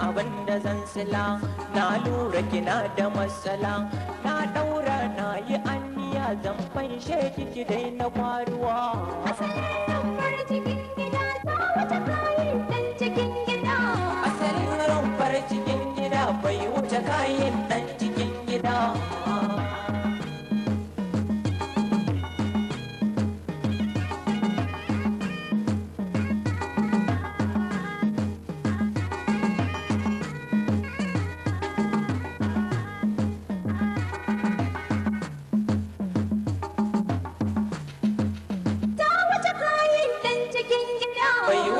abin da zan sila na lura kina da matsala na daura na yi anniya zan fanshe kiki dai na kwaruwa. da zambar cikin gida ta wuce kaya.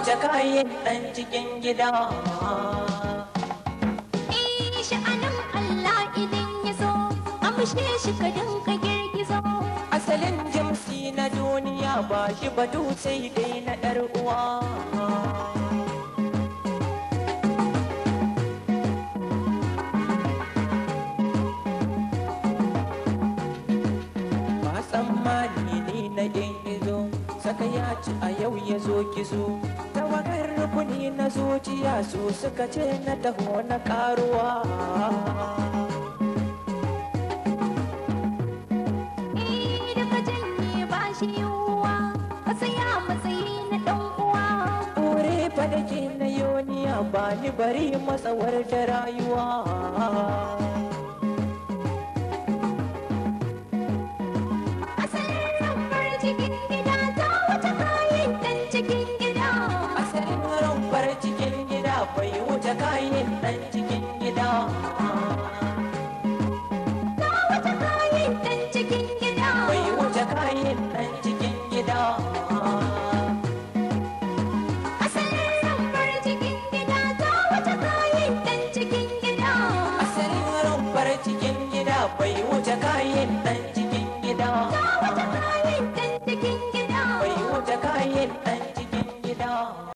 wuce kayan ɗan cikin gida. E, eh, anan Allah idan ya zo, amshe shi ka dinka girgizo. Asalin jinsi na duniya ba shi ba sai dai na ɗar uwa. Ba tsammani ne na yin izo, saka ya ci a yau ya zo kizo. wagar rukuni na zuciya su suka ce na taho na karuwa matsayi na yoniya ba ni bari matsawar da rayuwa Thank you. bai wuce kayan ɗan cikin gida bai wuce gida.